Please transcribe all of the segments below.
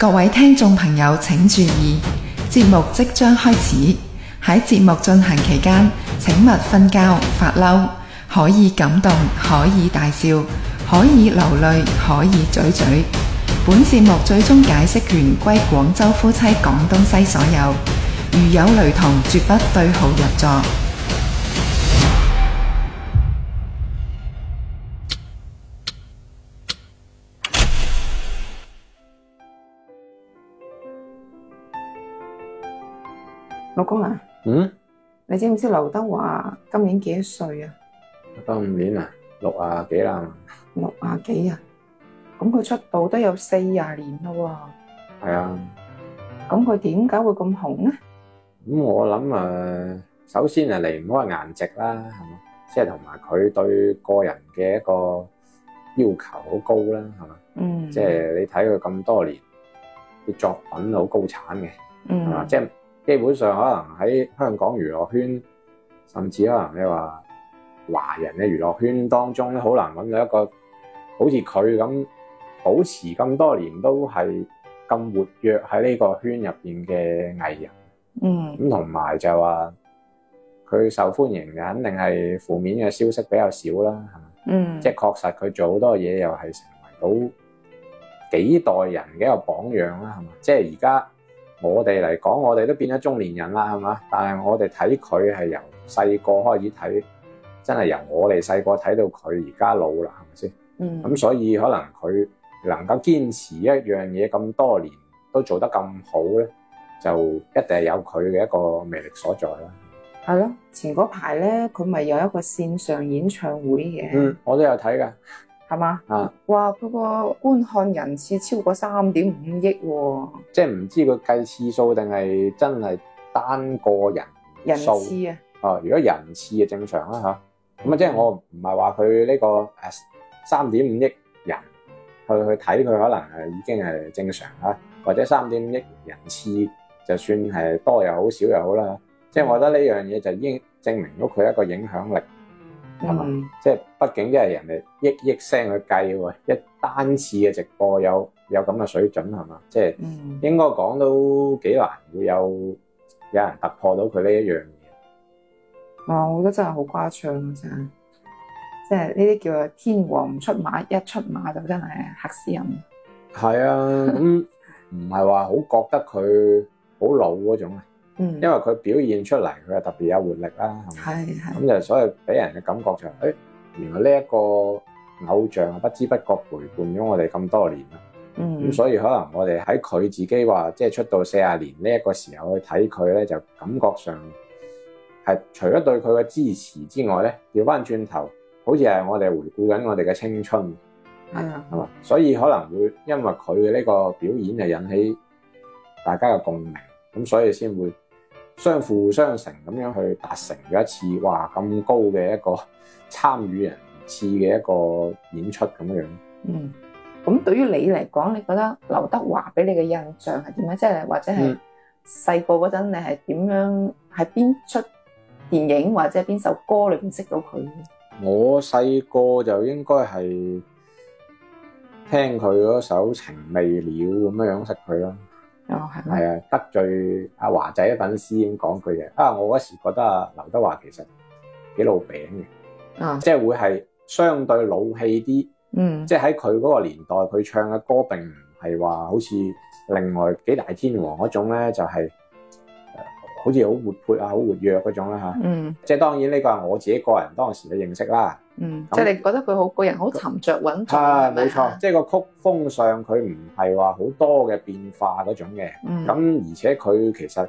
各位聽眾朋友請注意，節目即將開始。喺節目進行期間，請勿瞓覺、發嬲，可以感動，可以大笑，可以流淚，可以嘴嘴。本節目最終解釋權歸廣州夫妻廣東西所有。如有雷同，絕不對號入座。老公啊，嗯，你知唔知劉德華今年幾多歲啊？今年啊，六啊幾啦。六啊幾啊，咁佢出道都有四啊年咯喎。係啊，咁佢點解會咁紅咧？咁我諗啊，首先啊，離唔開顏值啦，係嘛？即係同埋佢對個人嘅一個要求好高啦，係嘛？嗯，即係你睇佢咁多年啲作品好高產嘅，嗯，係嘛？即係。基本上可能喺香港娛樂圈，甚至可能你話華人嘅娛樂圈當中咧，好難揾到一個好似佢咁保持咁多年都係咁活躍喺呢個圈入邊嘅藝人。嗯，咁同埋就話，佢受歡迎嘅肯定係負面嘅消息比較少啦，係嘛？嗯，即係確實，佢做好多嘢，又係成為到幾代人嘅一個榜樣啦，係嘛？即係而家。我哋嚟講，我哋都變咗中年人啦，係嘛？但係我哋睇佢係由細個開始睇，真係由我哋細個睇到佢而家老啦，係咪先？嗯，咁所以可能佢能夠堅持一樣嘢咁多年，都做得咁好咧，就一定係有佢嘅一個魅力所在啦。係咯，前嗰排咧，佢咪有一個線上演唱會嘅。嗯，我都有睇噶。係嘛？啊！哇！佢個觀看人次超過三點五億，啊，即係唔知佢計次數定係真係單個人數人次啊？哦，如果人次啊正常啦吓，咁啊、嗯、即係我唔係話佢呢個誒三點五億人去去睇佢可能誒已經係正常啦，或者三點五億人次就算係多又好少又好啦，嗯、即係我覺得呢樣嘢就已經證明咗佢一個影響力。係嘛？嗯、即係畢竟即係人哋億億聲去計喎，一單次嘅直播有有咁嘅水準係嘛？即係應該講都幾難，會有有人突破到佢呢一樣嘢。哇、嗯！我覺得真係好誇張啊！真係，即係呢啲叫做天王唔出馬，一出馬就真係嚇死人。係啊，咁唔係話好覺得佢好老嗰種。嗯，因為佢表現出嚟，佢係特別有活力啦，係咪？係係咁就所以俾人嘅感覺就誒、是哎，原來呢一個偶像啊，不知不覺陪伴咗我哋咁多年啦。嗯，咁所以可能我哋喺佢自己話即係出道四十年呢一個時候去睇佢咧，就感覺上係除咗對佢嘅支持之外咧，掉翻轉頭好似係我哋回顧緊我哋嘅青春，係啊吧，係嘛，所以可能會因為佢嘅呢個表演係引起大家嘅共鳴，咁所以先會。相輔相成咁樣去達成咗一次哇咁高嘅一個參與人次嘅一個演出咁樣。嗯，咁對於你嚟講，你覺得劉德華俾你嘅印象係點樣？即係或者係細個嗰陣，你係點樣？喺邊出電影或者邊首歌裏邊識到佢？我細個就應該係聽佢嗰首情未了咁樣樣識佢囉。哦，係，係啊，得罪阿、啊、華仔粉絲咁講句嘢啊！我嗰時覺得阿、啊、劉德華其實幾老餅嘅，啊，即係會係相對老氣啲，嗯，即係喺佢嗰個年代佢唱嘅歌，並唔係話好似另外幾大天王嗰種咧，就係、是呃，好似好活潑啊，好活躍嗰種啦吓，啊、嗯，即係當然呢個係我自己個人當時嘅認識啦。嗯，即係你覺得佢好個人好沉着穩重，冇錯。即係個曲風上佢唔係話好多嘅變化嗰種嘅。咁而且佢其實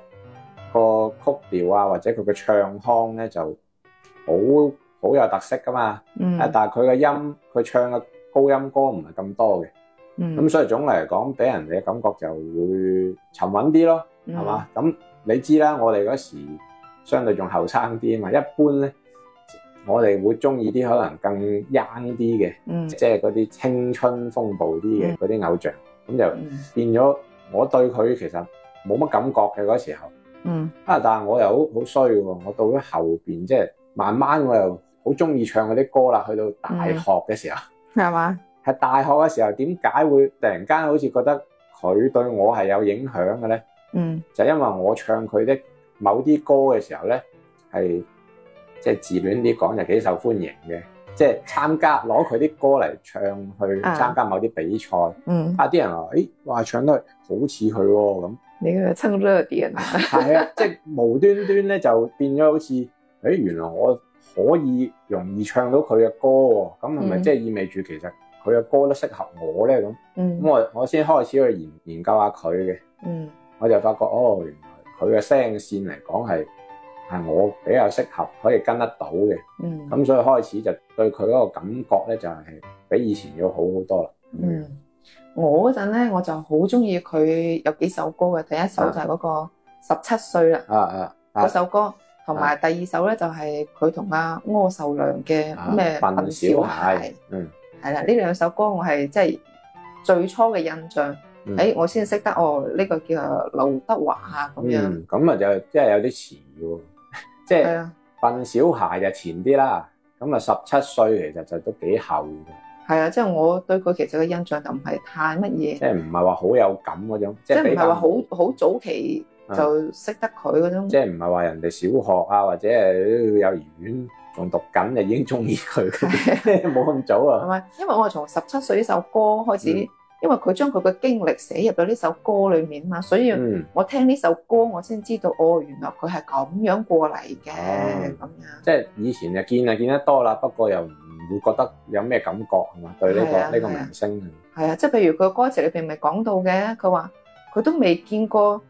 個曲調啊，或者佢嘅唱腔咧，就好好有特色噶嘛。嗯、啊，但係佢嘅音，佢唱嘅高音歌唔係咁多嘅。咁所以總嚟嚟講，俾人哋嘅感覺就會沉穩啲咯，係嘛、嗯？咁你知啦，我哋嗰時相對仲後生啲啊嘛，一般咧。我哋會中意啲可能更 young 啲嘅，即係嗰啲青春風暴啲嘅嗰啲偶像，咁就變咗我對佢其實冇乜感覺嘅嗰時候。嗯、啊，但係我又好好衰喎，我到咗後邊即係慢慢我又好中意唱嗰啲歌啦，去到大學嘅時候係嘛？係大學嘅時候，點解、嗯、 會突然間好似覺得佢對我係有影響嘅咧？嗯、就因為我唱佢的某啲歌嘅時候咧，係。即係自戀啲講就幾受歡迎嘅，即係參加攞佢啲歌嚟唱去參加某啲比賽，啊啲、嗯、人話，誒、欸，哇，唱得好似佢喎咁。你係蹭熱點啊？係 啊，即係無端端咧就變咗好似，誒、欸，原來我可以容易唱到佢嘅歌喎，哦，咁係咪即係意味住其實佢嘅歌都適合我咧咁？咁、嗯、我我先開始去研研究下佢嘅，嗯、我就發覺哦，原來佢嘅聲線嚟講係。係我比較適合可以跟得到嘅，咁、嗯、所以開始就對佢嗰個感覺咧就係、是、比以前要好好多啦。嗯，嗯我嗰陣咧我就好中意佢有幾首歌嘅，第一首就係嗰、那個十七歲啦，嗰、啊啊啊、首歌，同埋第二首咧就係佢同阿柯受良嘅咩笨小孩，嗯，係啦，呢兩首歌我係即係最初嘅印象，誒、嗯欸，我先識得哦，呢、這個叫做《劉德華啊咁、嗯、樣，咁啊就即係有啲遲喎。即係啊，笨小孩就前啲啦，咁啊十七歲其實就都幾後嘅。係啊，即係我對佢其實嘅印象就唔係太乜嘢。即係唔係話好有感嗰種。即係唔係話好好早期就識得佢嗰種。即係唔係話人哋小學啊或者係幼兒園仲讀緊就已經中意佢，冇咁、啊、 早啊。係咪？因為我係從十七歲呢首歌開始、嗯。因為佢將佢嘅經歷寫入咗呢首歌裏面嘛，所以我聽呢首歌，我先知道哦，原來佢係咁樣過嚟嘅咁樣。即係以前就見呀見得多啦，不過又唔會覺得有咩感覺係嘛？對呢、這個呢個明星啊，係啊，啊，即係譬如佢嘅歌詞裏邊咪講到嘅，佢話佢都未見過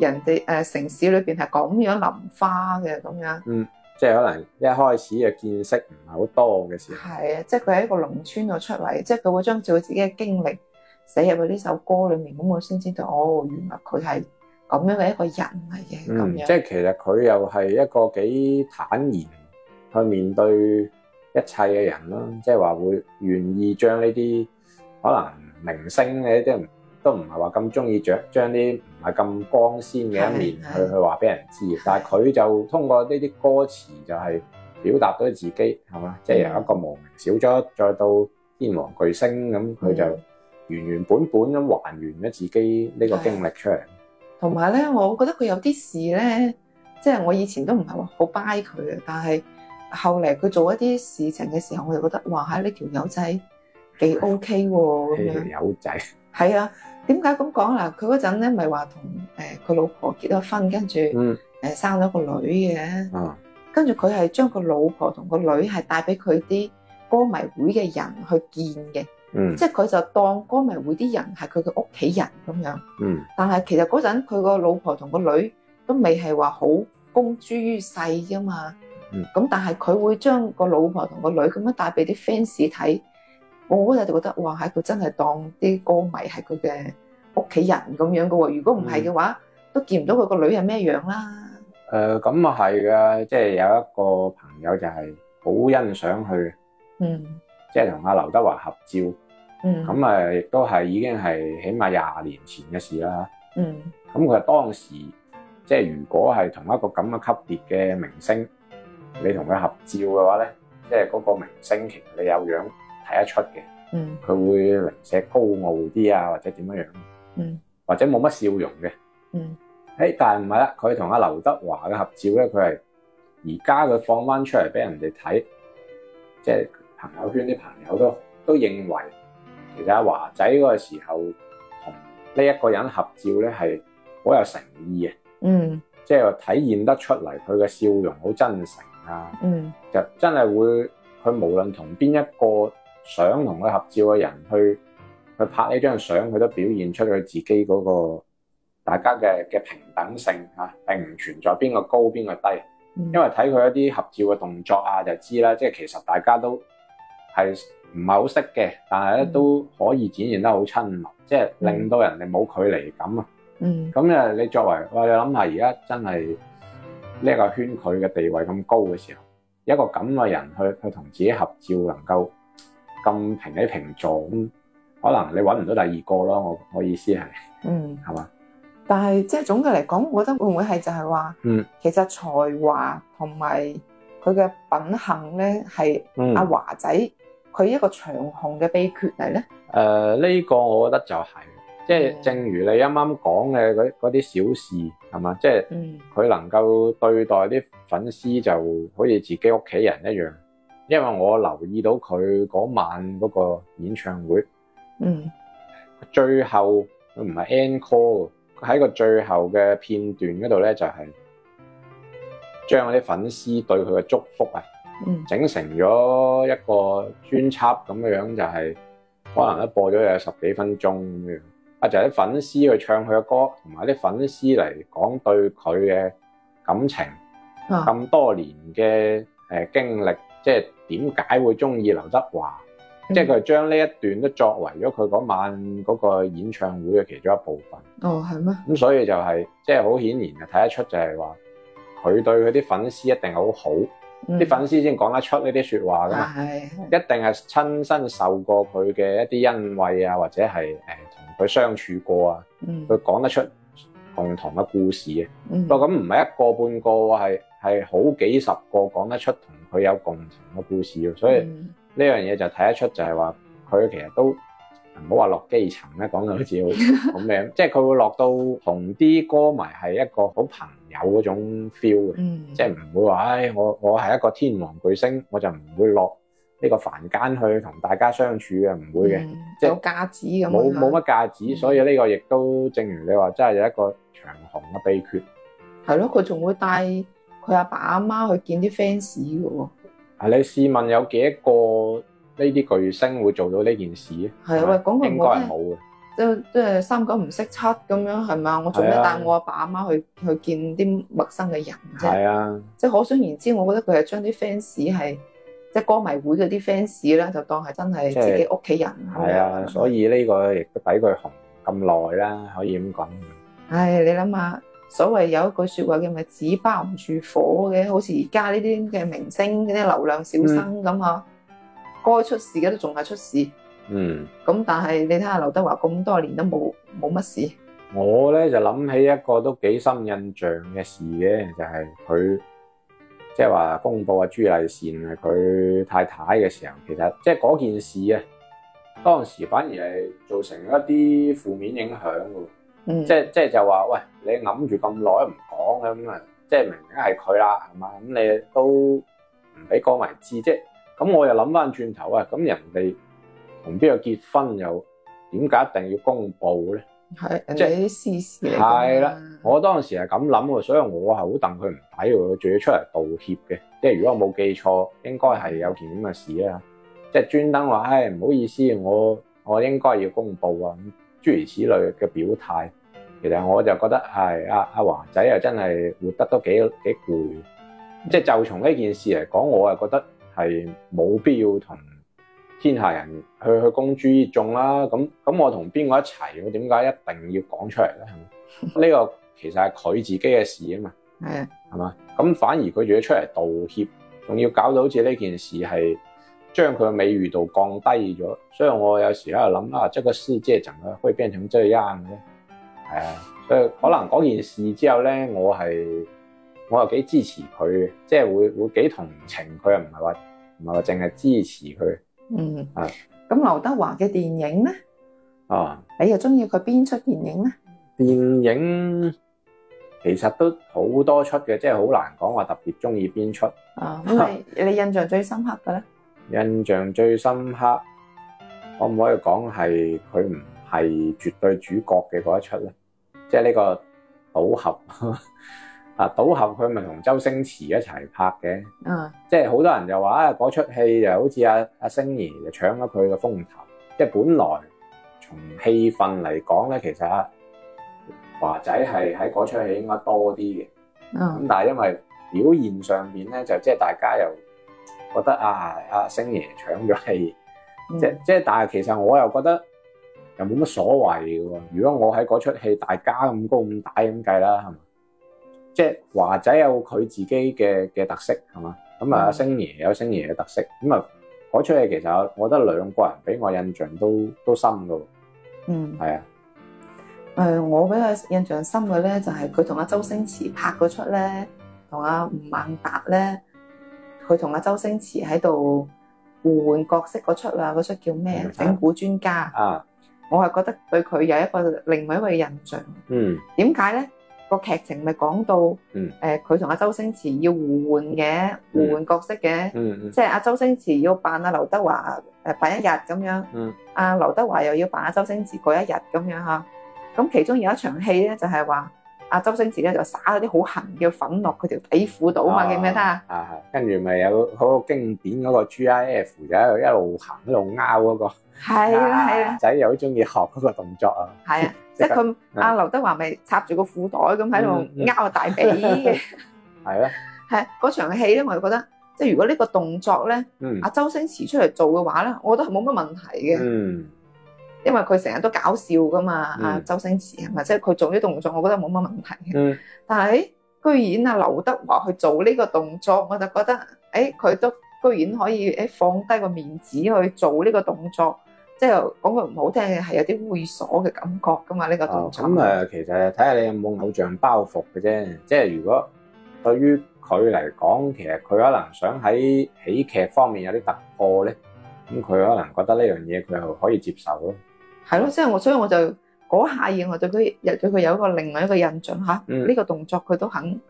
人哋誒、呃、城市裏邊係咁樣淋花嘅咁樣。嗯，即係可能一開始嘅見識唔係好多嘅時候。係啊，即係佢喺一個農村度出嚟，即係佢會將做自己嘅經歷。寫入去呢首歌裏面，咁我先知道哦，原來佢係咁樣嘅一個人嚟嘅咁樣。嗯，即係其實佢又係一個幾坦然去面對一切嘅人囉。嗯，即係話會願意將呢啲可能明星咧，即係都唔係話咁中意着將啲唔係咁光鮮嘅一面是去去話俾人知。是但係佢就通過呢啲歌詞就係表達到自己係嘛是，即係由一個無名小卒再到天王巨星咁，佢就。嗯嗯原原本本咁還原咗自己呢個經歷出嚟，同埋咧，我覺得佢有啲事咧，即係我以前都唔係話好掰佢嘅，但係後嚟佢做一啲事情嘅時候，我就覺得哇嚇呢條友仔幾 OK 喎咁樣，友仔，係啊，點解咁講嗱？佢嗰陣咧咪話同誒佢老婆結咗婚，跟住誒生咗個女嘅，嗯、跟住佢係將個老婆同個女係帶俾佢啲歌迷會嘅人去見嘅。即係佢就當歌迷會啲人係佢嘅屋企人咁樣，但係其實嗰陣佢個老婆同個女都未係話好公諸於世噶嘛，咁但係佢會將個老婆同個女咁樣帶俾啲 fans 睇，我嗰日就覺得哇，係佢真係當啲歌迷係佢嘅屋企人咁樣噶喎，如果唔係嘅話都見唔到佢個女係咩樣啦。誒，咁啊係嘅，即係有一個朋友就係好欣賞佢。嗯。即係同阿劉德華合照，咁啊、嗯，亦都係已經係起碼廿年前嘅事啦。咁佢、嗯、當時，即係如果係同一個咁嘅級別嘅明星，你同佢合照嘅話咧，即係嗰個明星其實你有樣睇得出嘅。佢、嗯、會零舍高傲啲啊，或者點樣樣，嗯、或者冇乜笑容嘅。誒、嗯，但係唔係啦，佢同阿劉德華嘅合照咧，佢係而家佢放翻出嚟俾人哋睇，即係。朋友圈啲朋友都都認為，其實阿華仔嗰個時候同呢一個人合照咧，係好有誠意嘅，嗯，即係體現得出嚟佢嘅笑容好真誠啊，嗯，就真係會佢無論同邊一個想同佢合照嘅人去去拍呢張相，佢都表現出佢自己嗰個大家嘅嘅平等性啊，並唔存在邊個高邊個低，嗯，因為睇佢一啲合照嘅動作啊就知啦，即係其實大家都。係唔係好識嘅？但係咧都可以展現得好親密，即係令到人哋冇距離感啊！嗯，咁誒，你作為我，你諗下，而家真係呢個圈佢嘅地位咁高嘅時候，一個咁嘅人去去同自己合照，能夠咁平起平坐咁，可能你揾唔到第二個咯。我我意思係，嗯，係嘛？但係即係總嘅嚟講，我覺得會唔會係就係話，嗯，其實才華同埋佢嘅品行咧，係阿華仔。佢一個長紅嘅秘訣嚟咧？誒、呃、呢、這個我覺得就係、是，即係正如你啱啱講嘅嗰啲小事係嘛？即係佢能夠對待啲粉絲就好似自己屋企人一樣。因為我留意到佢嗰晚嗰個演唱會，嗯，最後佢唔係 encore，喺個最後嘅片段嗰度咧就係將啲粉絲對佢嘅祝福啊。整、嗯、成咗一個專輯咁樣就係、是、可能一播咗有十幾分鐘咁樣，啊、嗯、就係啲粉絲去唱佢嘅歌，同埋啲粉絲嚟講對佢嘅感情，咁、啊、多年嘅誒、呃、經歷，即係點解會中意劉德華？即係佢將呢一段都作為咗佢嗰晚嗰個演唱會嘅其中一部分。哦，係咩？咁所以就係，即係好顯然就睇得出，就係話佢對佢啲粉絲一定好好。啲粉絲先講得出呢啲説話㗎嘛，係一定係親身受過佢嘅一啲恩惠啊，或者係誒同佢相處過啊，佢講、嗯、得出共同嘅故事啊。嗯、不過咁唔係一個半個，係係好幾十個講得出同佢有共同嘅故事，所以呢樣嘢就睇得出就係話佢其實都。唔好話落基層咧，講到好似好咁樣， 即係佢會落到同啲歌迷係一個好朋友嗰種 feel 嘅，嗯、即係唔會話，唉，我我係一個天王巨星，我就唔會落呢個凡間去同大家相處嘅，唔會嘅，嗯、即係冇冇乜架子，架子嗯、所以呢個亦都正如你話，真係有一個長紅嘅秘訣。係咯，佢仲會帶佢阿爸阿媽去見啲 fans 嘅喎。 你試問有幾多個？呢啲巨星會做到呢件事？係啊，喂，講應該係冇嘅，即即係三九唔識七咁樣係嘛？我做咩帶我阿爸阿媽去、啊、去見啲陌生嘅人啫？係啊，即係可想而知，我覺得佢係將啲 fans 係即係歌迷會嗰啲 fans 咧，就當係真係自己屋企人。係啊，吧所以呢個亦都抵佢紅咁耐啦，可以咁講。唉、哎，你諗下，所謂有一句説話叫咪紙包唔住火嘅，好似而家呢啲嘅明星嗰啲流量小生咁啊～、嗯該出事嘅都仲係出事，嗯，咁但係你睇下劉德華咁多年都冇冇乜事。我咧就諗起一個都幾深印象嘅事嘅，就係佢即係話公布阿朱麗倩佢太太嘅時候，其實即係嗰件事啊，當時反而係造成一啲負面影響噶，嗯、即係即係就話、是、喂，你諗住咁耐都唔講咁啊，即係明明係佢啦，係嘛，咁你都唔俾歌迷知，即係。咁我又諗翻轉頭啊！咁人哋同邊個結婚又點解一定要公佈咧？係即係啲私事。係啦，我當時係咁諗喎，所以我係好戥佢唔抵喎，仲要出嚟道歉嘅。即係如果我冇記錯，應該係有件咁嘅事啊！即係專登話，唉、哎、唔好意思，我我應該要公佈啊，諸如此類嘅表態。其實我就覺得係阿阿華仔又真係活得都幾幾攰。即係就從呢件事嚟講，我係覺得。係冇必要同天下人去去公諸於眾啦，咁咁我同邊個一齊？我點解一定要講出嚟咧？係咪？呢個其實係佢自己嘅事啊嘛，係嘛？咁反而佢仲要出嚟道歉，仲要搞到好似呢件事係將佢嘅美譽度降低咗。所以我有時喺度諗啦，這個世界怎可以變成即這樣咧？係啊，所以可能嗰件事之後咧，我係。我又幾支持佢，即係會會幾同情佢，又唔係話唔係話淨係支持佢。嗯啊，咁、嗯嗯、劉德華嘅電影咧？哦、嗯，你又中意佢邊出電影咧？電影其實都好多出嘅，即係好難講話特別中意邊出。啊、嗯，咁你 你印象最深刻嘅咧？印象最深刻，可唔可以講係佢唔係絕對主角嘅嗰一出咧？即係呢個賭俠。 啊！賭俠佢咪同周星馳一齊拍嘅，嗯、即係好多人就話啊，嗰出戲就好似阿阿星爺就搶咗佢嘅風頭，即係本來從戲份嚟講咧，其實、啊、華仔係喺嗰出戲應該多啲嘅。咁、嗯、但係因為表現上面咧，就即係大家又覺得啊，阿、啊、星爺搶咗戲，即、嗯、即係但係其實我又覺得又冇乜所謂嘅喎。如果我喺嗰出戲，大家咁高咁大咁計啦，係嘛？即係華仔有佢自己嘅嘅特色係嘛，咁啊阿星爺有星爺嘅特色，咁啊嗰出嘢，其實我我覺得兩個人俾我印象都都深噶，嗯，係啊的，誒、呃，我俾佢印象深嘅咧就係佢同阿周星馳拍嗰出咧，同阿吳孟達咧，佢同阿周星馳喺度互換角色嗰出，出、嗯、啊，嗰出叫咩？整蠱專家啊，我係覺得對佢有一個另外一位印象，嗯，點解咧？個劇情咪講到誒，佢同、嗯呃、阿周星馳要互換嘅，互換角色嘅，嗯嗯嗯、即係阿周星馳要扮阿劉德華誒、呃、扮一日咁樣，阿、嗯啊、劉德華又要扮阿周星馳嗰一日咁樣嚇。咁其中有一場戲咧，就係、是、話。阿周星馳咧就撒啲好痕嘅粉落佢條底褲度啊嘛，記唔記得啊？啊，跟住咪有嗰個好經典嗰個 G I F，就一路一路行一路撓嗰個。係啊係啊！仔又好中意學嗰個動作的啊。係啊，即係佢阿劉德華咪插住個褲袋咁喺度撓個大髀。嘅、嗯。係、嗯、咯。係 啊的，嗰 場戲咧，我就覺得，即係如果呢個動作咧，阿、嗯啊、周星馳出嚟做嘅話咧，我覺得係冇乜問題嘅。嗯。因為佢成日都搞笑㗎嘛，阿、嗯、周星馳係咪？即係佢做啲動作，我覺得冇乜問題。嗯，但係居然阿劉德華去做呢個動作，我就覺得，誒、欸、佢都居然可以誒放低個面子去做呢個動作，即係講句唔好聽嘅係有啲猥瑣嘅感覺㗎嘛。呢、這個動作咁誒、哦嗯呃，其實睇下你有冇偶像包袱嘅啫。即係如果對於佢嚟講，其實佢可能想喺喜劇方面有啲突破咧，咁佢可能覺得呢樣嘢佢又可以接受咯。係咯，即係我，所以我就嗰下嘢，我對佢又對佢有一個另外一個印象吓，呢個動作佢都肯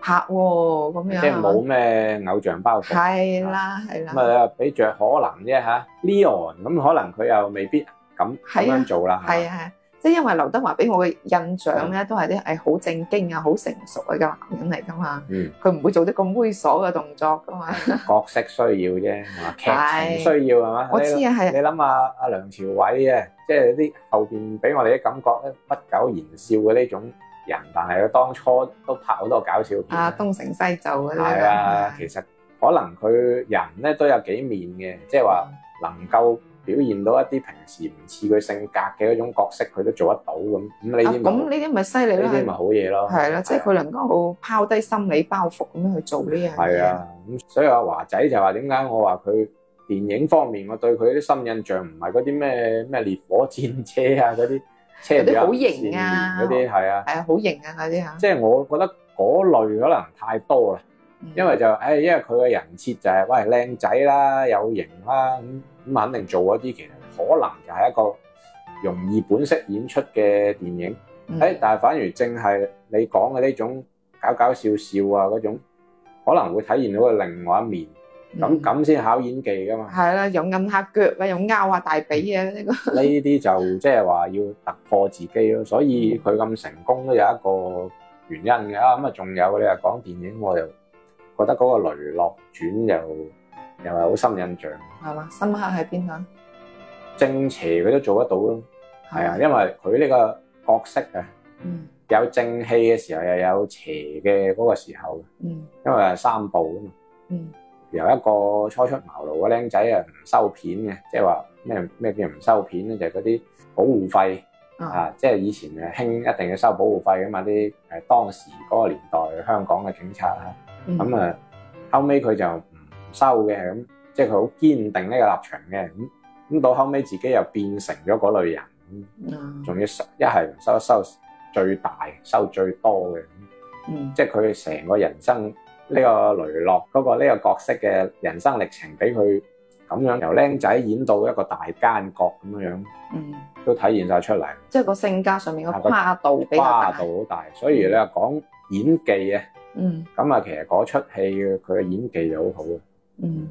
拍咁樣，即係冇咩偶像包袱。係啦，係啦。咁啊，俾著可能啫嚇，Leon 咁可能佢又未必咁咁樣做啦。係啊，係。即係因為劉德華俾我嘅印象咧，都係啲誒好正經啊、好成熟嘅個男人嚟噶嘛，佢唔會做啲咁猥瑣嘅動作噶嘛。角色需要啫，劇情需要係嘛？我知啊，係。你諗下，阿梁朝偉啊，即係啲後邊俾我哋啲感覺咧，不苟言笑嘅呢種人，但係佢當初都拍好多搞笑片。啊，東成西就嗰啲啦。係啊，其實可能佢人咧都有幾面嘅，即係話能夠。表現到一啲平時唔似佢性格嘅嗰種角色，佢都做得到咁。咁你咁呢啲咪犀利咯？呢啲咪好嘢咯，係咯、啊，即係佢能夠好拋低心理包袱咁樣去做呢樣嘢。係啊，咁所以阿華仔就話點解我話佢電影方面，我對佢啲新印象唔係嗰啲咩咩烈火戰車啊嗰啲車唔好型啊，嗰啲係啊，係、嗯、啊，好型啊嗰啲嚇。啊、即係我覺得嗰類可能太多啦，因為就誒、哎，因為佢嘅人設就係、是、喂靚仔啦，有型啦咁。啊啊啊啊啊啊咁肯定做一啲其實可能就係一個容易本色演出嘅電影，誒、嗯，但係反而正係你講嘅呢種搞搞笑笑啊嗰種，可能會體現到佢另外一面，咁咁先考演技噶嘛。係啦，用暗黑腳啊，用拗下大髀啊呢啲就即係話要突破自己咯，所以佢咁成功都有一個原因嘅啊。咁啊、嗯，仲有你話講電影，我又覺得嗰個雷《雷洛傳》又。又係好深印象，係嘛？深刻喺邊度？正邪佢都做得到咯，係啊，因為佢呢個角色啊，有正氣嘅時候又有邪嘅嗰個時候，嗯，因為三部啊嘛，嗯，由一個初出茅廬嘅僆仔啊，唔收片嘅，即係話咩咩叫唔收片咧？就係嗰啲保護費啊，即係以前啊興一定要收保護費噶嘛，啲誒當時嗰個年代香港嘅警察啊，咁啊後尾佢就收嘅咁，即係佢好堅定呢個立場嘅咁咁，到後尾自己又變成咗嗰類人，仲要收一係收收最大收最多嘅，嗯、即係佢成個人生呢、這個雷落嗰、這個呢個角色嘅人生歷程，俾佢咁樣由僆仔演到一個大奸角咁樣，都體現晒出嚟、嗯，即係個性格上面個跨度比跨度好大，大嗯、所以你話講演技啊，咁啊、嗯嗯、其實嗰出戲佢嘅演技又好好。嗯，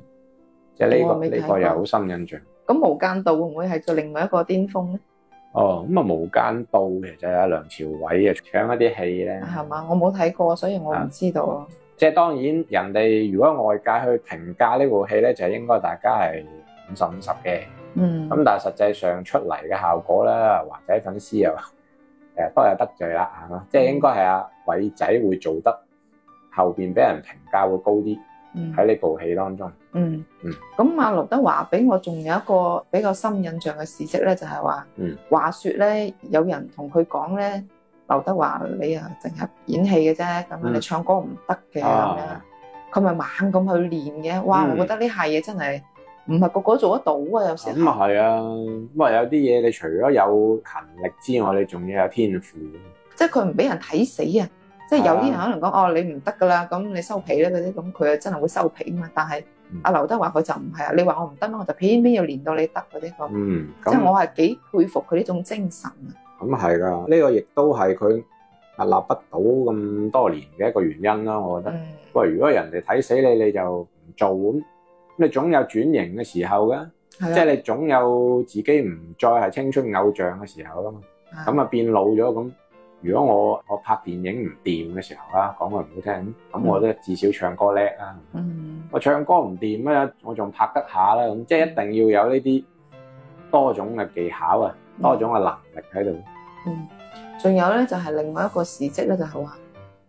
即係、這、呢個呢個又好深印象。咁《無間道》會唔會係做另外一個巔峰咧？哦，咁啊，《無間道》其實阿梁朝偉啊，搶一啲戲咧，係嘛，我冇睇過，所以我唔知道。啊、即係當然，人哋如果外界去評價呢部戲咧，就係應該大家係五十五十嘅。嗯，咁但係實際上出嚟嘅效果啦，華仔粉絲又誒都有得罪啦，係嘛、嗯，即係應該係阿偉仔會做得後邊俾人評價會高啲。喺呢部戲當中，嗯嗯，咁、嗯、啊劉德華俾我仲有一個比較深印象嘅事蹟咧，就係、嗯、話，嗯，話說咧，有人同佢講咧，劉德華你啊淨係演戲嘅啫，咁樣、嗯、你唱歌唔得嘅，咁樣、啊，佢咪猛咁去練嘅，哇！嗯、我覺得呢下嘢真係唔係個個做得到啊，有時咁啊係啊，咁啊有啲嘢你除咗有勤力之外，你仲要有天賦，即係佢唔俾人睇死啊！即係有啲人可能講哦，你唔得噶啦，咁、嗯、你收皮啦嗰啲，咁佢啊真係會收皮啊嘛。但係阿劉德華佢就唔係啊，你話我唔得啦，我就偏偏要練到你得嗰啲咁。這個嗯嗯、即係我係幾佩服佢呢種精神啊！咁係噶，呢、嗯嗯、個亦都係佢屹立不倒咁多年嘅一個原因啦。我覺得，喂，如果人哋睇死你，你就唔做咁，你總有轉型嘅時候噶。即係、啊、你總有自己唔再係青春偶像嘅時候啊嘛。咁啊、嗯、變老咗咁。如果我我拍電影唔掂嘅時候啊，講句唔好聽，咁我都、嗯、至少唱歌叻啊。嗯，我唱歌唔掂咧，我仲拍得下啦、啊。咁即係一定要有呢啲多種嘅技巧啊，嗯、多種嘅能力喺度。嗯，仲有咧就係、是、另外一個事蹟咧，就係話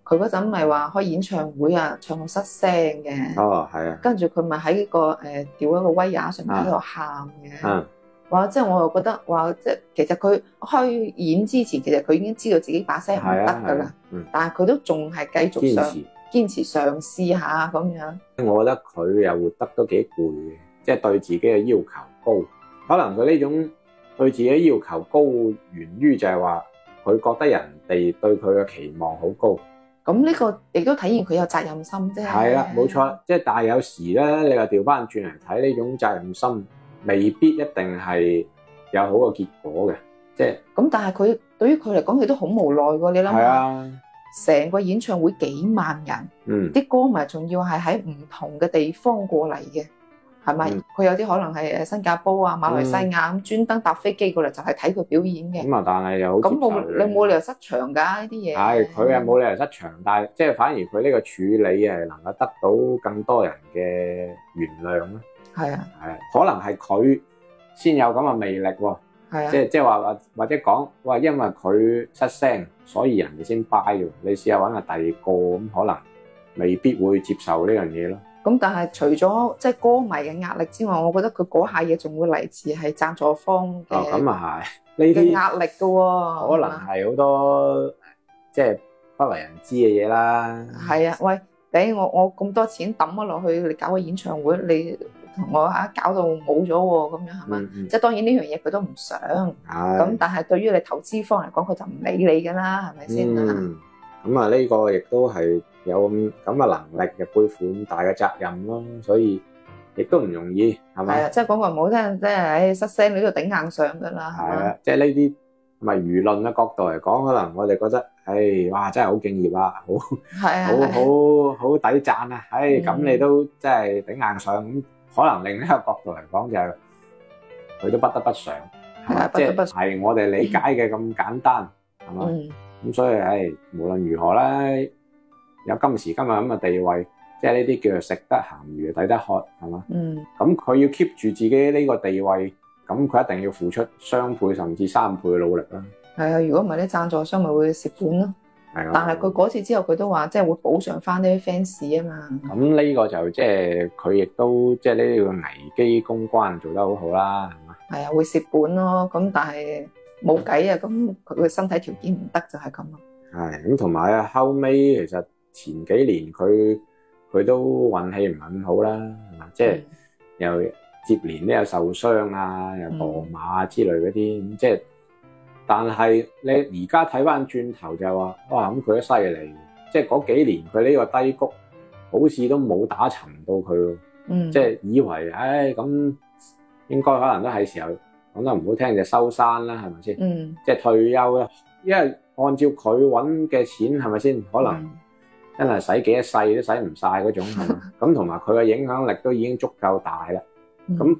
佢嗰陣咪話開演唱會啊，唱到失聲嘅。哦，係啊。跟住佢咪喺個誒吊、呃、一個威亞上面喺度喊嘅。嗯嗯。哇！即係我又覺得，哇！即係其實佢開演之前，其實佢已經知道自己把聲唔得噶啦。嗯。但係佢都仲係繼續上，堅持，堅持嘗試下咁樣。我覺得佢又活得都幾攰嘅，即係對自己嘅要求高。可能佢呢種對自己要求高，源於就係話佢覺得人哋對佢嘅期望好高。嗯。咁呢個亦都體現佢有責任心。係啦，冇錯。即係但係有時咧，你話調翻轉嚟睇呢種責任心。未必一定係有好嘅結果嘅，即係咁。但係佢對於佢嚟講，佢都好無奈喎。你諗下，成個演唱會幾萬人，啲歌迷仲要係喺唔同嘅地方過嚟嘅，係咪？佢有啲可能係新加坡啊、馬來西亞咁專登搭飛機過嚟，就係睇佢表演嘅。咁啊，但係又好咁，我你冇理由失場㗎呢啲嘢。係佢係冇理由失場，但係即係反而佢呢個處理係能夠得到更多人嘅原諒咧。係啊，係可能係佢先有咁嘅魅力喎，即係即係話或或者講哇，因為佢出聲，所以人哋先 buy。你試下揾下第二個咁，可能未必會接受呢樣嘢咯。咁但係除咗即係歌迷嘅壓力之外，我覺得佢嗰下嘢仲會嚟自係贊助方嘅壓力嘅喎，可能係好多即係不為人知嘅嘢啦。係啊，喂，俾我我咁多錢抌咗落去，你搞個演唱會，你？同我嚇搞到冇咗喎，咁樣係嘛？即係當然呢樣嘢佢都唔想，咁但係對於你投資方嚟講，佢就唔理你噶啦，係咪先？嗯，咁啊呢個亦都係有咁咁嘅能力嘅背負咁大嘅責任咯，所以亦都唔容易，係咪？係啊，即係講句唔好聽，即係喺失聲喺度頂硬上噶啦。係啊，即係呢啲咪輿論嘅角度嚟講，可能我哋覺得，唉，哇，真係好敬業啊，好，係啊，好好好抵贊啊，唉，咁你都即係頂硬上咁。可能另一個角度嚟講，就係佢都不得不想，係嘛吧？即係係我哋理解嘅咁簡單係嘛？咁、嗯、所以，唉，無論如何咧，有今時今日咁嘅地位，即係呢啲叫做食得鹹魚抵得渴係嘛？咁佢、嗯、要 keep 住自己呢個地位，咁佢一定要付出雙倍甚至三倍嘅努力啦。係啊，如果唔係啲贊助商咪會蝕本咯。係，但係佢嗰次之後，佢都話即係會補償翻呢啲 fans 啊嘛。咁呢個就即係佢亦都即係呢個危機公關做得好好啦，係嘛？係啊，會蝕本咯。咁但係冇計啊，咁佢嘅身體條件唔得就係咁咯。係，咁同埋啊，後尾其實前幾年佢佢都運氣唔係咁好啦，係嘛？即係又接連咧又受傷啊，嗯、又羅馬啊之類嗰啲，咁即係。但係你而家睇翻轉頭就話，哇咁佢都犀利，即係嗰幾年佢呢個低谷，好似都冇打沉到佢，嗯、即係以為，唉、哎、咁應該可能都係時候講得唔好聽就收山啦，係咪先？嗯、即係退休啦，因為按照佢揾嘅錢係咪先，可能真係使幾多世都使唔晒嗰種，咁同埋佢嘅影響力都已經足夠大啦，咁、嗯。嗯。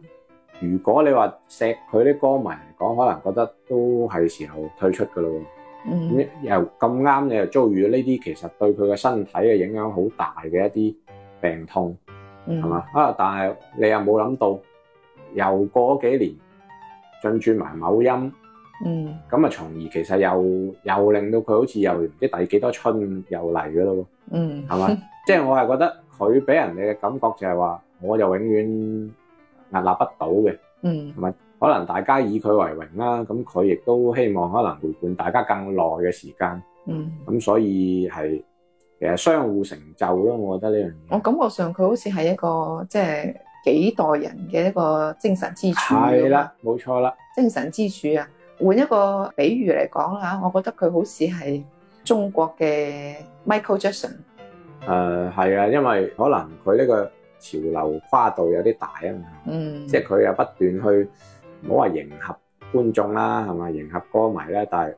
如果你話錫佢啲歌迷嚟講，可能覺得都係時候退出噶咯喎。嗯。又咁啱你又遭遇咗呢啲，其實對佢嘅身體嘅影響好大嘅一啲病痛，係嘛、嗯？啊！但係你又冇諗到，又過咗幾年，進轉埋某音，嗯。咁啊，從而其實又又令到佢好似又唔知第幾多春又嚟噶咯喎。嗯。係嘛吧？ 即係我係覺得佢俾人哋嘅感覺就係話，我就永遠。屹立不倒嘅，同埋、嗯、可能大家以佢為榮啦。咁佢亦都希望可能陪伴大家更耐嘅時間。咁、嗯、所以係其實相互成就咯。我覺得呢樣嘢，我感覺上佢好似係一個即係、就是、幾代人嘅一個精神支柱。係啦，冇錯啦，精神支柱啊。換一個比喻嚟講啦，我覺得佢好似係中國嘅 Michael Jackson。誒係啊，因為可能佢呢、這個。潮流跨度有啲大啊嘛，嗯、即係佢又不斷去，唔好話迎合觀眾啦、啊，係咪？迎合歌迷咧、啊，但係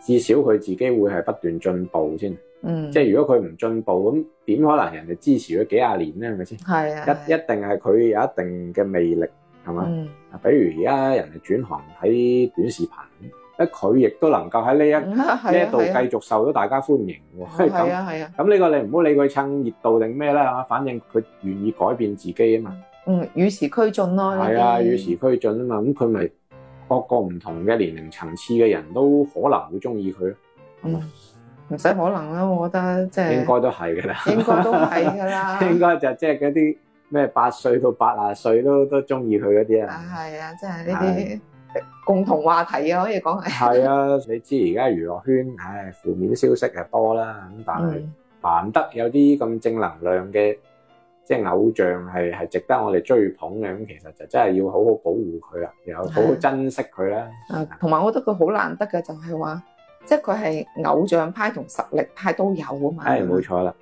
至少佢自己會係不斷進步先。嗯，即係如果佢唔進步，咁點可能人哋支持咗幾廿年咧？係咪先？係啊，一一定係佢有一定嘅魅力，係嘛？啊、嗯，比如而家人哋轉行睇短視頻。佢亦都能夠喺呢一呢一度繼續受到大家歡迎喎。 嗯、啊，咁呢個你唔好理佢趁熱度定咩啦，反正佢願意改變自己啊嘛。嗯，與時俱進咯、啊。係啊，與時俱進啊嘛。咁佢咪各個唔同嘅年齡層次嘅人都可能會中意佢咯。唔使、嗯、可能啦，我覺得即係應該都係㗎啦，應該都係㗎啦。應該就即係嗰啲咩八歲到八啊歲都都中意佢嗰啲啊。係啊，即係呢啲。共同話題啊，可以講，係係啊，你知而家娛樂圈唉、哎，負面消息係多啦咁，但係難得有啲咁正能量嘅，即係偶像係係值得我哋追捧嘅咁，其實就真係要好好保護佢啦，又好好珍惜佢啦。同埋、啊、我覺得佢好難得嘅就係話，即係佢係偶像派同實力派都有啊嘛。誒、哎，冇錯啦，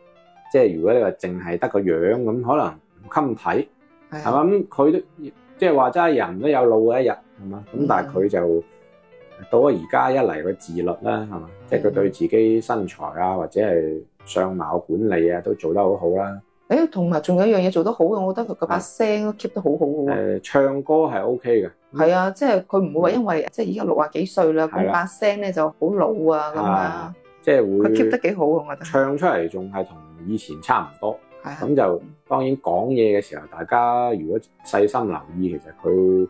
即係如果你話淨係得個樣咁，可能唔襟睇係啊，係咁佢都即係話，真係人都有老嘅一日。係嘛？咁、嗯、但係佢就到咗而家一嚟個自律啦，係嘛？嗯、即係佢對自己身材啊，或者係相貌管理啊，都做得好好、啊、啦。誒、欸，同埋仲有一樣嘢做得好嘅、啊，我覺得佢嗰把聲都 keep 得好好、啊、嘅、啊呃。唱歌係 OK 嘅。係啊，即係佢唔會話因為即係而家六啊幾歲啦，佢、啊、把聲咧就好老啊咁啊。即係會。佢 keep 得幾好我覺得。唱出嚟仲係同以前差唔多。係啊。咁就當然講嘢嘅時候，大家如果細心留意，其實佢。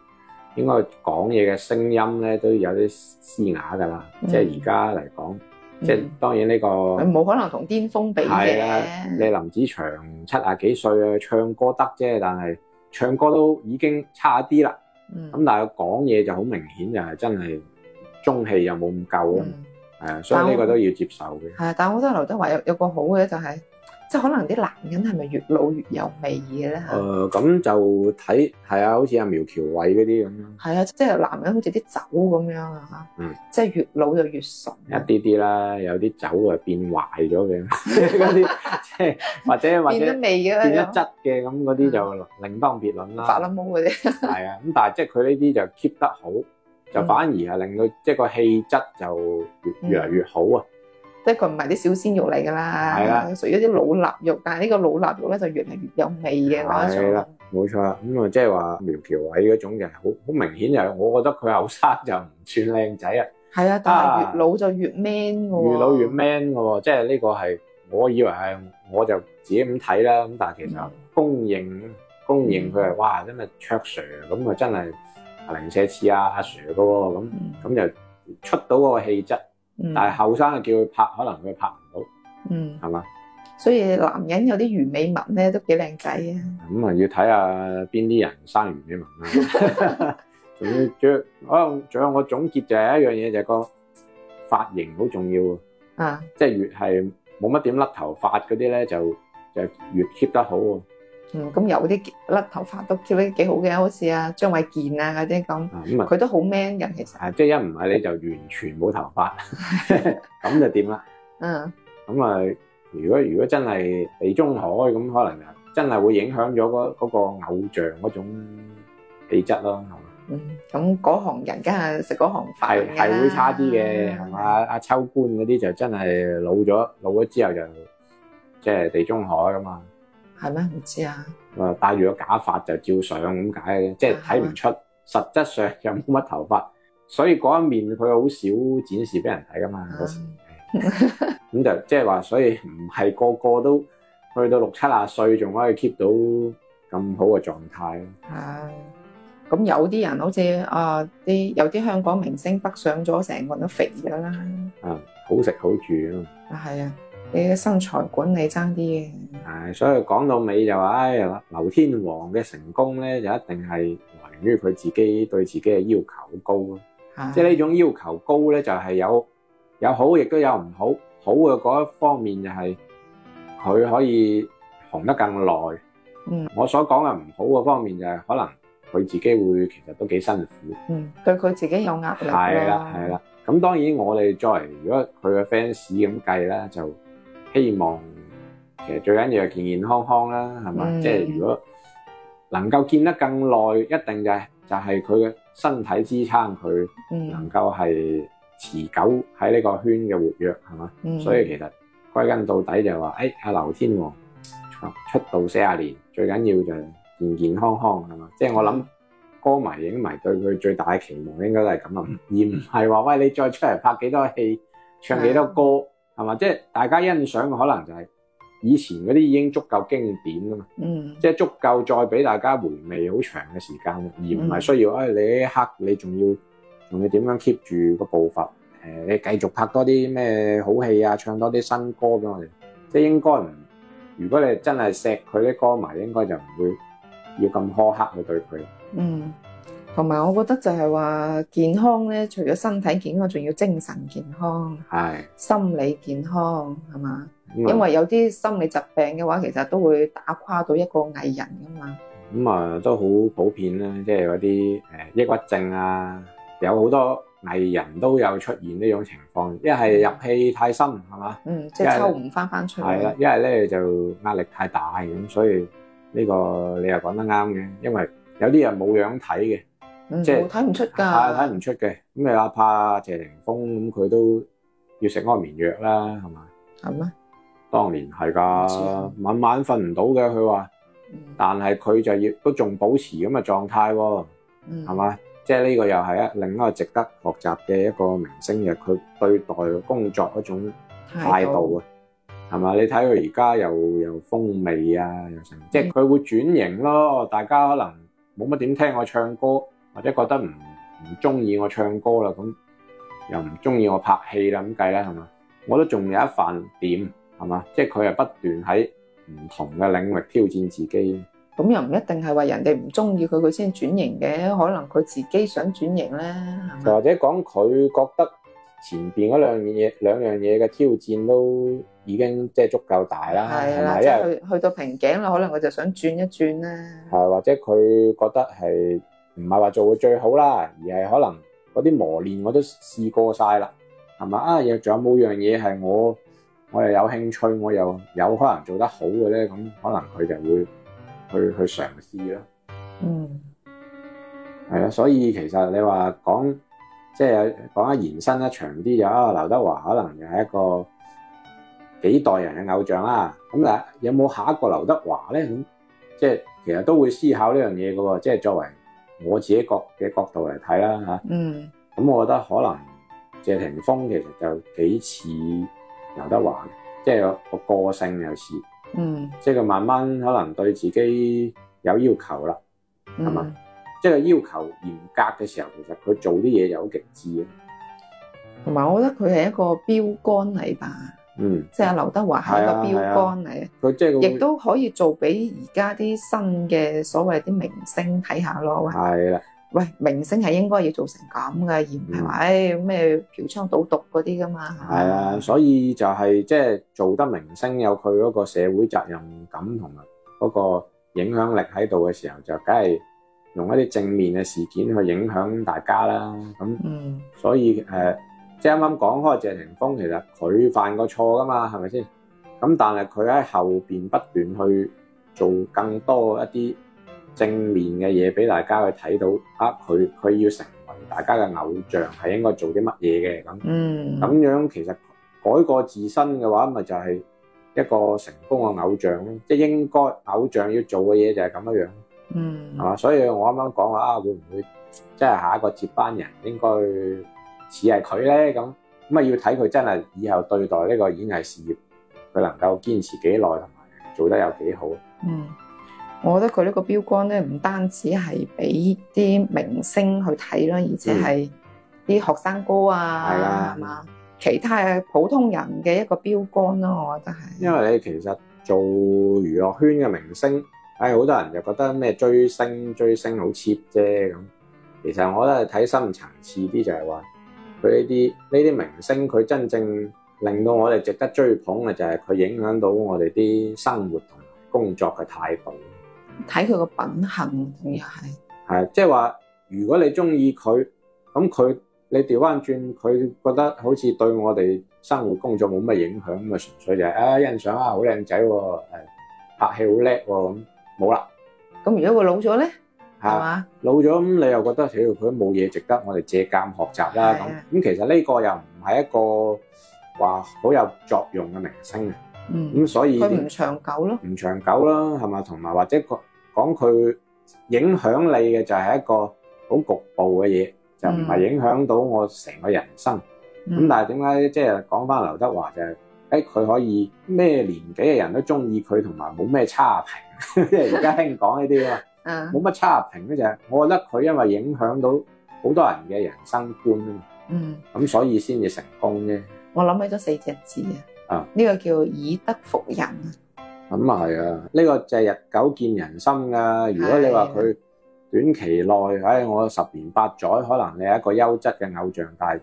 應該講嘢嘅聲音咧都有啲嘶啞噶啦，嗯、即係而家嚟講，嗯、即係當然呢、呢個冇可能同巔峰比嘅、啊。你林子祥七廿幾歲啊，唱歌得啫，但係唱歌都已經差啲啦。咁、嗯、但係講嘢就好明顯就、啊，就係真係中氣又冇咁夠咯，係啊，所以呢個都要接受嘅。係啊，但係我覺得劉德華有有個好嘅就係、係。即係可能啲男人係咪越老越有味嘅咧嚇？咁、呃、就睇係啊，好似阿苗僑偉嗰啲咁樣。係啊，即係男人好似啲酒咁樣啊嚇。嗯，即係越老就越醇。一啲啲啦，有啲酒啊變壞咗嘅。即係 或者或者變咗味嘅，變咗質嘅咁嗰啲就另當別論啦。發粒毛嗰啲。係啊，咁但係即係佢呢啲就 keep 得好，就反而係令到、嗯、即係個氣質就越越嚟越好啊。嗯嗯。即係佢唔係啲小鮮肉嚟㗎啦，屬於啲老臘肉，但係呢個老臘肉咧就越嚟越有味嘅嗰一種。冇錯啦，咁啊即係話苗僑偉嗰種又係好好明顯就係，我覺得佢後生就唔算靚仔啊。係啊，但係越老就越 man 喎、哦啊。越老越 man 㗎喎，即係呢個係我以為係我就自己咁睇啦，咁但係其實公認、嗯、公認佢係哇真係卓 Sir 咁啊，真係零舍似啊阿 Sir 嘅喎，咁咁、嗯、就出到個氣質。嗯、但係後生叫佢拍，可能佢拍唔到，係嘛、嗯？吧所以男人有啲魚尾紋咧，都幾靚仔啊！咁啊，要睇下邊啲人生魚尾紋啊！仲要仲，我仲要我總結就係一樣嘢，就個、是、髮型好重要啊！即係越係冇乜點甩頭髮嗰啲咧，就就越 keep 得好。嗯，咁、嗯嗯嗯嗯、有啲甩頭髮都跳得幾好嘅，好似啊張衛健啊嗰啲咁，佢、嗯、都好 man 人其實、嗯。啊，即係一唔係你就完全冇頭髮，咁、嗯嗯、就點啦？嗯，咁啊、嗯嗯，如果如果真係地中海咁，可能真係會影響咗嗰、嗰個、嗰個、偶像嗰種氣質咯，係嘛？嗯，咁、嗰、嗰、個、行人梗係食嗰行飯係係會差啲嘅，係嘛？阿、啊啊、秋官嗰啲就真係老咗，老咗之後就即係地中海噶嘛。係咩？唔知啊！誒，戴住個假髮就照相咁解嘅，即係睇唔出，啊、實質上又冇乜頭髮，所以嗰一面佢好少展示俾人睇噶嘛。嗰、啊、時，咁就 即係話，所以唔係個個都去到六七啊歲仲可以 keep 到咁好嘅狀態。係、啊，咁有啲人好似啊啲有啲香港明星北上咗，成個人都肥咗啦。啊，好食好住啊！啊，係啊。你嘅身材管理爭啲嘅，係、啊、所以講到尾就話，哎呀、劉天王嘅成功咧，就一定係來源於佢自己對自己嘅要求高咯、啊。啊、即係呢種要求高咧，就係、是、有有好，亦都有唔好。好嘅嗰一方面就係佢可以紅得更耐。嗯，我所講嘅唔好嘅方面就係可能佢自己會其實都幾辛苦。嗯，對佢自己有壓力係、啊、啦，係啦。咁當然我哋作為如果佢嘅 fans 咁計咧，就。希望其實最緊要係健健康康啦，係嘛？嗯、即係如果能夠見得更耐，一定就係、係、就係佢嘅身體支撐佢能夠係持久喺呢個圈嘅活躍，係嘛？嗯、所以其實歸根到底就係話，誒、哎、阿劉天王出道四十年，最緊要就係健健康康，係嘛？即係我諗歌迷影迷對佢最大嘅期望應該都係咁啊，嗯、而唔係話喂你再出嚟拍幾多戲，唱幾多歌。嗯係嘛，即係大家欣賞嘅可能就係以前嗰啲已經足夠經典㗎嘛，嗯，即係足夠再俾大家回味好長嘅時間啦，而唔係需要，唉、哎，你呢一刻你仲要仲要點樣 keep 住個步伐，誒、呃，你繼續拍多啲咩好戲啊，唱多啲新歌俾我哋，即係應該唔，如果你真係錫佢啲歌迷，應該就唔會要咁苛刻去對佢，嗯。同埋，我覺得就係話健康咧，除咗身體健康，仲要精神健康、係嘅、心理健康，係嘛？因為，因為有啲心理疾病嘅話，其實都會打垮到一個藝人噶嘛。咁啊，都好普遍啦，即係有啲誒、呃、抑鬱症啊，有好多藝人都有出現呢種情況。一係入戲太深，係嘛？嗯，即係抽唔翻翻出嚟。係啦，一係、一係咧就壓力太大咁，所以呢個你又講得啱嘅，因為有啲人冇樣睇嘅。嗯、即係睇唔出㗎，係睇唔出嘅。咁你話怕謝霆鋒咁，佢都要食安眠藥啦，係嘛？係咩？當年係㗎，晚晚瞓唔到嘅佢話，嗯、但係佢就亦都仲保持咁嘅狀態、哦，係嘛、嗯？即係呢個又係一另一個值得學習嘅一個明星嘅佢、就係、對待工作嗰種態度啊，係嘛、嗯嗯？你睇佢而家又又風味啊，又成，嗯、即係佢會轉型咯。大家可能冇乜點聽我唱歌。或者覺得唔唔中意我唱歌啦，咁又唔中意我拍戲啦，咁計啦，係嘛？我都仲有一份點，係嘛？即係佢係不斷喺唔同嘅領域挑戰自己。咁又唔一定係話人哋唔中意佢，佢先轉型嘅，可能佢自己想轉型咧，係或者講佢覺得前邊嗰兩件嘢兩樣嘢嘅挑戰都已經即係足夠大啦，係啦，係嘛？即係去，去到瓶頸啦，可能佢就想轉一轉咧。係或者佢覺得係。唔係話做到最好啦，而係可能嗰啲磨練我都試過晒啦，係嘛啊？又仲有冇樣嘢係我我又有興趣，我又有可能做得好嘅咧？咁、嗯、可能佢就會去去嘗試咯。嗯，係啊，所以其實你話講即係講一延伸得長啲就啊，劉德華可能又係一個幾代人嘅偶像啦、啊。咁、嗯、嗱，有冇下一個劉德華咧？咁即係其實都會思考呢樣嘢嘅喎，即係作為。我自己角嘅角度嚟睇啦嚇，咁、嗯嗯、我覺得可能謝霆鋒其實就幾似劉德華嘅，嗯、即係個個性有、嗯、似，即係佢慢慢可能對自己有要求啦，係嘛？嗯、即係要求嚴格嘅時候，其實佢做啲嘢又好極致啊。同埋，我覺得佢係一個標竿嚟吧。嗯，即係劉德華係一個標杆嚟，佢即係亦都可以做俾而家啲新嘅所謂啲明星睇下咯。係啦，喂，明星係應該要做成咁嘅，而唔係話誒咩嫖娼賭毒嗰啲㗎嘛。係啊，所以就係即係做得明星有佢嗰個社會責任感同埋嗰個影響力喺度嘅時候，就梗係用一啲正面嘅事件去影響大家啦。咁，嗯，所以誒。即係啱啱講開謝霆鋒，其實佢犯過錯噶嘛，係咪先？咁但係佢喺後邊不斷去做更多一啲正面嘅嘢俾大家去睇到啊！佢佢要成為大家嘅偶像該，係應該做啲乜嘢嘅咁？嗯，咁樣其實改過自身嘅話，咪就係一個成功嘅偶像咯。即係應該偶像要做嘅嘢就係咁樣。嗯，係嘛？所以我啱啱講話啊，會唔會即係下一個接班人應該？似係佢咧咁咁啊，要睇佢真係以後對待呢個演藝事業，佢能夠堅持幾耐，同埋做得有幾好。嗯，我覺得佢呢個標杆咧，唔單止係俾啲明星去睇啦，而且係啲學生哥啊，係啦、嗯，其他嘅普通人嘅一個標杆咯。我覺得係因為你其實做娛樂圈嘅明星，唉、哎，好多人就覺得咩追星追星好 cheap 啫咁。其實我覺得睇深層次啲就係話。佢呢啲呢啲明星，佢真正令到我哋值得追捧嘅就係佢影響到我哋啲生活同埋工作嘅態度。睇佢個品行，仲要係係即係話，如果你中意佢，咁佢你調翻轉，佢覺得好似對我哋生活工作冇咩影響，咁啊純粹就係、是、啊欣賞啊好靚仔、哦，誒拍戲好叻咁，冇啦。咁而家佢老咗咧？嚇，老咗咁你又覺得佢冇嘢值得我哋借鑑學習啦咁咁，其實呢個又唔係一個話好有作用嘅明星，嗯，咁所以唔長久咯，唔長久啦，係嘛？同埋或者講講佢影響你嘅就係一個好局部嘅嘢，就唔係影響到我成個人生。咁、嗯、但係點解即係講翻劉德華就係、是，誒、欸、佢可以咩年紀嘅人都中意佢，同埋冇咩差評，即係而家興講呢啲咯。 冇乜差評啫，我覺得佢因為影響到好多人嘅人生觀啊嘛，咁、嗯、所以先至成功啫。我諗起咗四隻字啊，呢個叫以德服人、嗯嗯、啊。咁啊係啊，呢個就係日久見人心噶。如果你話佢短期內，唉的、哎，我十年八載可能你係一個優質嘅偶像，但係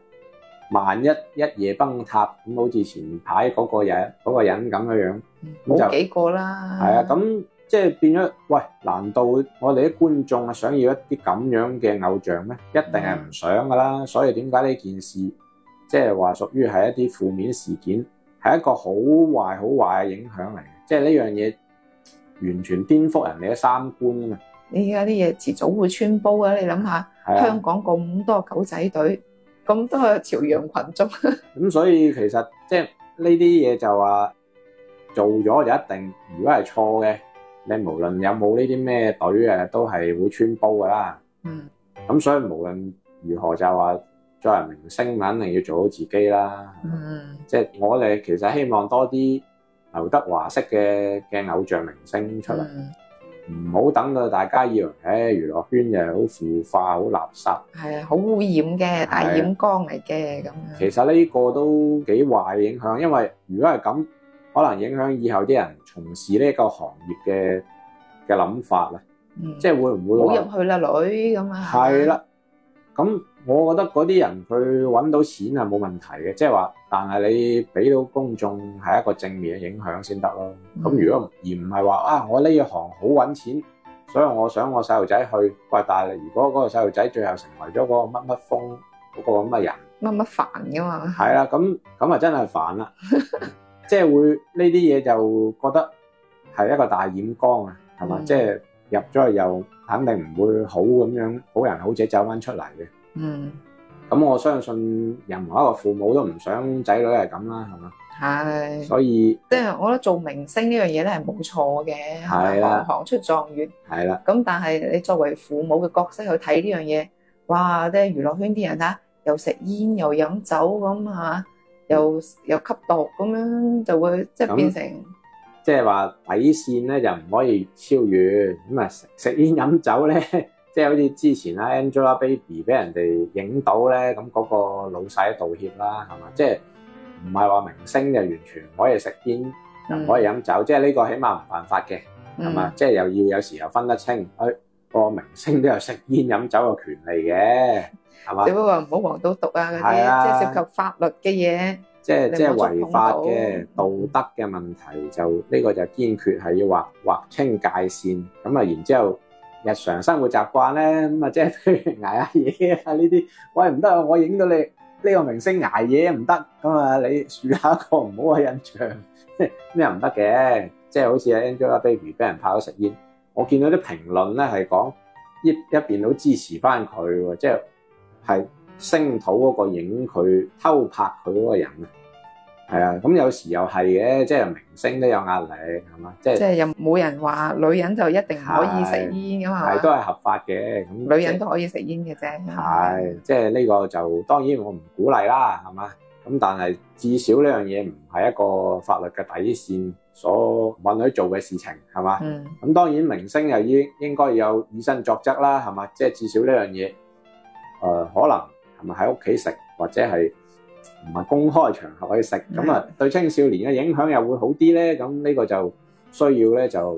萬一一夜崩塌，咁、嗯、好似前排嗰個嘢、個人咁樣、那個、樣，冇、嗯、幾個啦。係啊，咁、嗯。嗯即係變咗，喂？難道我哋啲觀眾啊，想要一啲咁樣嘅偶像咩？一定係唔想㗎啦。所以點解呢件事即係話屬於係一啲負面事件，係一個好壞好壞嘅影響嚟嘅。即係呢樣嘢完全顛覆人哋嘅三觀啊嘛！你而家啲嘢遲早會穿煲啊！你諗下，香港咁多狗仔隊，咁多朝陽羣眾，咁所以其實即係呢啲嘢就話做咗就一定，如果係錯嘅。你無論有冇呢啲咩隊誒，都係會穿煲㗎啦。嗯。咁所以無論如何就係話作為明星，肯定要做好自己啦。嗯。即係我哋其實希望多啲劉德華式嘅嘅偶像明星出嚟，唔好、嗯、等到大家以為誒娛樂圈又好腐化、好垃圾。係啊，好污染嘅大染缸嚟嘅咁樣。其實呢個都幾壞影響，因為如果係咁。可能影響以後啲人從事呢個行業嘅嘅諗法咧，嗯、即係會唔會好入去啦女咁啊？係啦，咁我覺得嗰啲人佢揾到錢係冇問題嘅，即係話，但係你俾到公眾係一個正面嘅影響先得咯。咁、嗯、如果而唔係話啊，我呢一行好揾錢，所以我想我細路仔去。喂，但係如果嗰個細路仔最後成為咗嗰個乜乜風嗰個咁嘅人，乜乜煩噶嘛？係啦，咁咁啊真係煩啦。 即係會呢啲嘢就覺得係一個大染缸啊，係嘛？嗯、即係入咗去又肯定唔會好咁樣，好人好姐走翻出嚟嘅。嗯，咁我相信任何一個父母都唔想仔女係咁啦，係嘛？係是，所以即係我覺得做明星呢樣嘢咧係冇錯嘅，行的的行出狀元。係啦的，咁但係你作為父母嘅角色去睇，呢樣嘢，哇！即係娛樂圈啲人啊，又食煙又飲酒咁，係、啊、嘛？又又吸毒咁樣就會即係變成，即係話底線咧就唔可以超越咁啊！食食煙飲酒咧， 即係好似之前咧 Angelababy 俾人哋影到咧，咁嗰個老細都道歉啦，係嘛？即係唔係話明星就完全唔可以食煙、嗯、又唔可以飲酒，即係呢個起碼唔犯法嘅，係嘛？嗯、即係又要有時候分得清去。哎個明星都有食煙飲酒嘅權利嘅，係嘛？只不過唔好黃賭毒啊！嗰啲即係涉及法律嘅嘢，即係即係違法嘅道德嘅問題，就呢個就堅決係要劃劃清界線。咁啊，然之後日常生活習慣咧，咁啊即係譬如捱下嘢啊呢啲，喂唔得啊！我影到你呢個明星捱嘢唔得，咁啊你樹下一個唔好嘅印象，咩唔得嘅，即係好似阿 Angelababy 俾人拍咗食煙。我見到啲評論咧係講一一邊都支持翻佢喎，即係聲討嗰個影佢偷拍佢嗰個人啊，係啊，咁有時又係嘅，即係明星都有壓力係嘛，即係即係又冇人話女人就一定唔可以食煙噶嘛，係都係合法嘅，咁女人都可以食煙嘅啫，係即係呢個就當然我唔鼓勵啦，係嘛。咁、嗯、但係至少呢樣嘢唔係一個法律嘅底線所允許做嘅事情，係嘛？咁、嗯嗯、當然明星又應應該有以身作則啦，係嘛？即、就、係、是、至少呢樣嘢，誒、呃、可能係咪喺屋企食或者係唔係公開場合去食咁啊？嗯、對青少年嘅影響又會好啲咧？咁呢個就需要咧就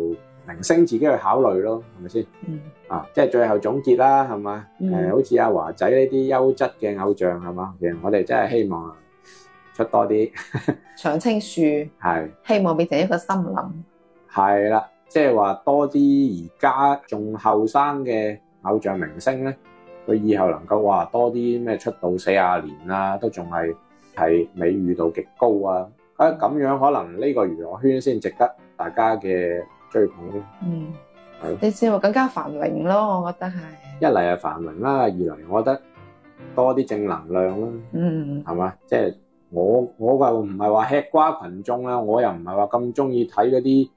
明星自己去考慮咯，係咪先？嗯、啊，即、就、係、是、最後總結啦，係嘛？誒、嗯呃，好似阿華仔呢啲優質嘅偶像係嘛？其實我哋真係希望啊、嗯、～出多啲 長青樹，係是希望變成一個森林，係啦。即係話多啲而家仲後生嘅偶像明星咧，佢以後能夠話多啲咩出道四十年啊，都仲係係美譽度極高啊。啊咁、嗯、樣可能呢個娛樂圈先值得大家嘅追捧咯。嗯，是你先話更加繁榮咯，我覺得係一嚟係繁榮啦，二嚟我覺得多啲正能量啦。嗯，係嘛，即係。我我又唔係話吃瓜群眾啦，我又唔係話咁中意睇嗰啲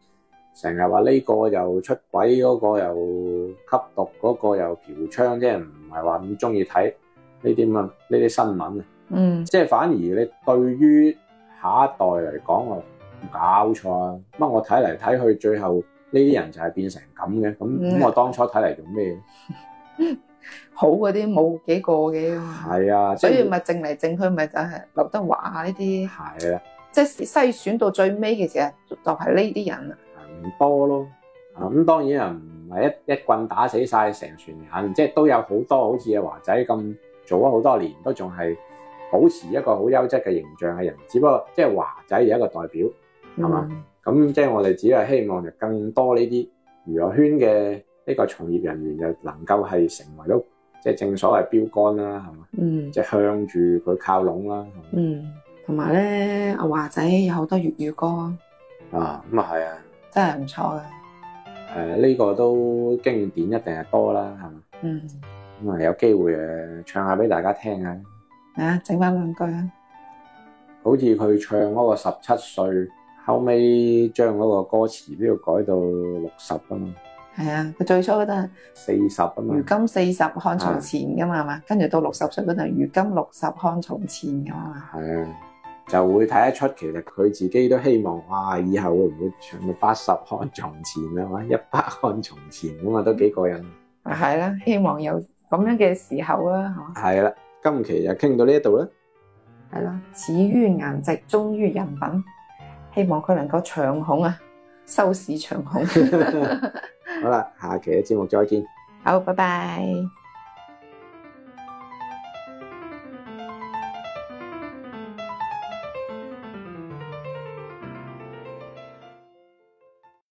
成日話呢個又出軌，嗰個又吸毒，嗰個又嫖娼，即係唔係話咁中意睇呢啲咁呢啲新聞啊。嗯，即係反而你對於下一代嚟講，我搞錯啊！乜我睇嚟睇去，最後呢啲人就係變成咁嘅，咁咁我當初睇嚟做咩？嗯 好嗰啲冇幾個嘅，係啊，就是、所以咪剩嚟剩去咪就係劉德華呢啲，係啊，即係篩選到最尾嘅時候就係呢啲人啊，唔多咯，啊、嗯、咁當然啊唔係一一棍打死晒成船人，即係都有好多好似阿華仔咁做咗好多年都仲係保持一個好優質嘅形象嘅人，只不過即係華仔有一個代表係嘛，咁、嗯嗯嗯、即係我哋只係希望就更多呢啲娛樂圈嘅。呢個從業人員又能夠係成為到，即係正所謂標竿啦，係嘛？嗯，即係向住佢靠攏啦。嗯，同埋咧，阿、啊、華仔有好多粵語歌啊。就是、啊，咁啊係啊，真係唔錯嘅。誒，呢個都經典一定係多啦，係嘛？嗯。咁啊、嗯，有機會誒，唱下俾大家聽下。啊，整翻兩句啊。句好似佢唱嗰個十七歲，後尾將嗰個歌詞都要改到六十啊嘛。係啊，佢最初都係四十啊嘛。如今四十看從前噶嘛，係的嘛？跟住到六十歲嗰陣，如今六十看從前噶嘛？係啊，就會睇得出其實佢自己都希望，啊，以後會唔會長到八十看從前啊？嘛，一百看從前咁嘛，都幾過癮。係啦，希望有咁樣嘅時候啊，係嘛？係啦，今期就傾到呢一度啦。係啦，始於顏值，終於人品，希望佢能夠長紅啊！收視長虹 好啦，下期嘅節目再見，好，拜拜。